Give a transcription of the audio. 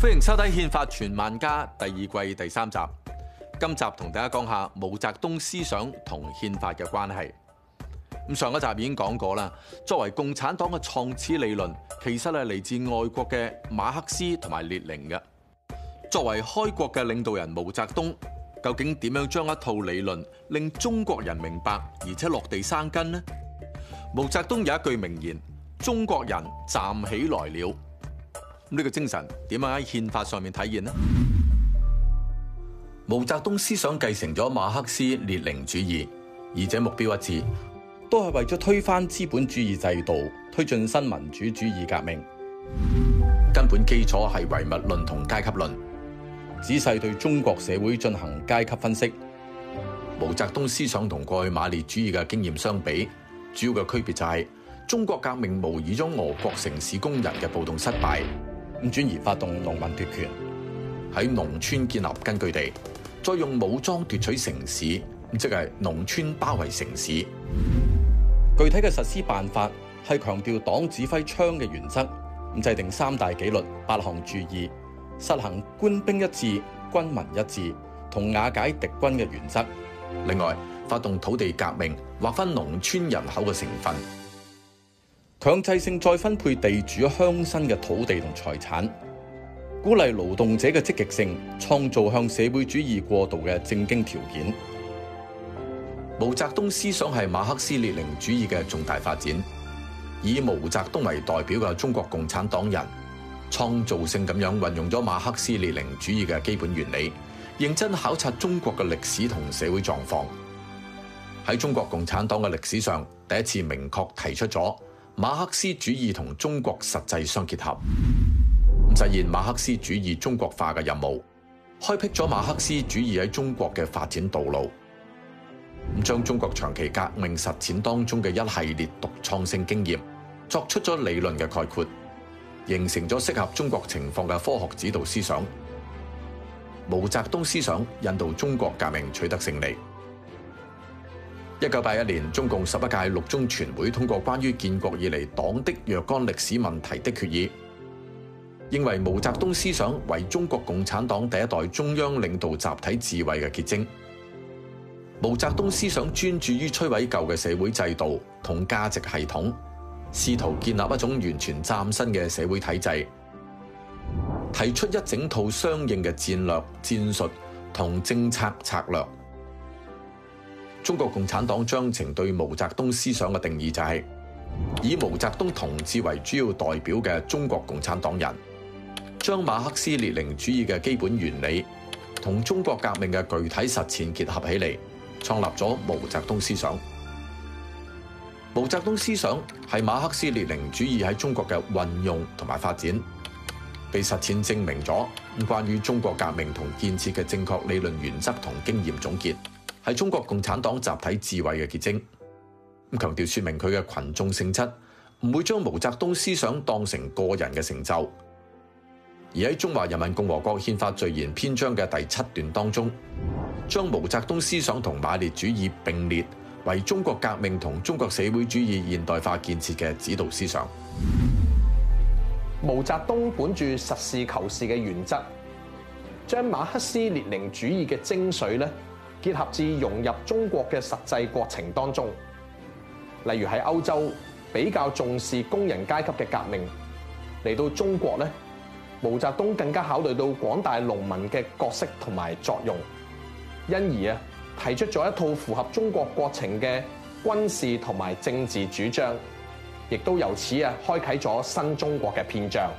歡迎收睇《憲法傳萬家》第二季第三集。今集同大家講下毛澤東思想同憲法嘅關係。咁上一集已經講過啦，作為共產黨嘅創始理論，其實係嚟自外國嘅馬克思同埋列寧嘅。作為開國嘅領導人毛澤東，究竟點樣將一套理論令中國人明白，而且落地生根呢？毛澤東有一句名言：中國人站起來了。呢個精神點樣喺憲法上面體現呢？毛澤東思想繼承咗馬克思列寧主義，二者目標一致，都係為咗推翻資本主義制度，推進新民主主義革命。根本基礎係唯物論同階級論，仔細對中國社會進行階級分析。毛澤東思想同過去馬列主義嘅經驗相比，主要嘅區別就係、是、中國革命模擬咗俄國城市工人嘅暴動失敗。咁轉而發動農民奪權，喺農村建立根據地，再用武裝奪取城市，即係農村包圍城市。具體嘅實施辦法係強調黨指揮槍嘅原則，制定三大紀律八項注意，實行官兵一致、軍民一致同瓦解敵軍嘅原則。另外，發動土地革命，劃分農村人口嘅成分。強制性再分配地主鄉紳嘅土地同財產，鼓勵勞動者嘅積極性，創造向社會主義過渡嘅正經條件。毛澤東思想係馬克思列寧主義嘅重大發展，以毛澤東為代表嘅中國共產黨人，創造性咁樣運用咗馬克思列寧主義嘅基本原理，認真考察中國嘅歷史同社會狀況，喺中國共產黨嘅歷史上第一次明確提出咗。馬克思主義同中國實際相結合，實現馬克思主義中國化嘅任務，開闢咗馬克思主義喺中國嘅發展道路，咁將中國長期革命實踐當中嘅一系列獨創性經驗作出咗理論嘅概括，形成咗適合中國情況嘅科學指導思想。毛澤東思想引導中國革命取得勝利。一九八一年，中共十一屆六中全會通過關於建國以來黨的若干歷史問題的決議，認為毛澤東思想為中國共產黨第一代中央領導集體智慧嘅結晶。毛澤東思想專注於摧毀舊嘅社會制度同價值系統，試圖建立一種完全嶄新嘅社會體制，提出一整套相應嘅戰略、戰術同政策策略。中國共產黨章程對毛澤東思想嘅定義就係，以毛澤東同志為主要代表嘅中國共產黨人，將馬克思列寧主義嘅基本原理同中國革命嘅具體實踐結合起嚟，創立咗毛澤東思想。毛澤東思想係馬克思列寧主義喺中國嘅運用同埋發展，被實踐證明咗關於中國革命同建設嘅正確理論原則同經驗總結。係中國共產黨集體智慧嘅結晶，強調說明佢嘅群眾性質，唔會將毛澤東思想當成個人嘅成就。而喺中華人民共和國憲法序言篇章嘅第七段當中，將毛澤東思想同馬列主義並列為中國革命同中國社會主義現代化建設嘅指導思想。毛澤東本住實事求是嘅原則，將馬克思列寧主義嘅精髓咧。結合至融入中國嘅實際過程當中，例如喺歐洲比較重視工人階級嘅革命，嚟到中國咧，毛澤東更加考慮到廣大農民嘅角色同埋作用，因而啊提出咗一套符合中國國情嘅軍事同埋政治主張，亦都由此啊開啟咗新中國嘅篇章。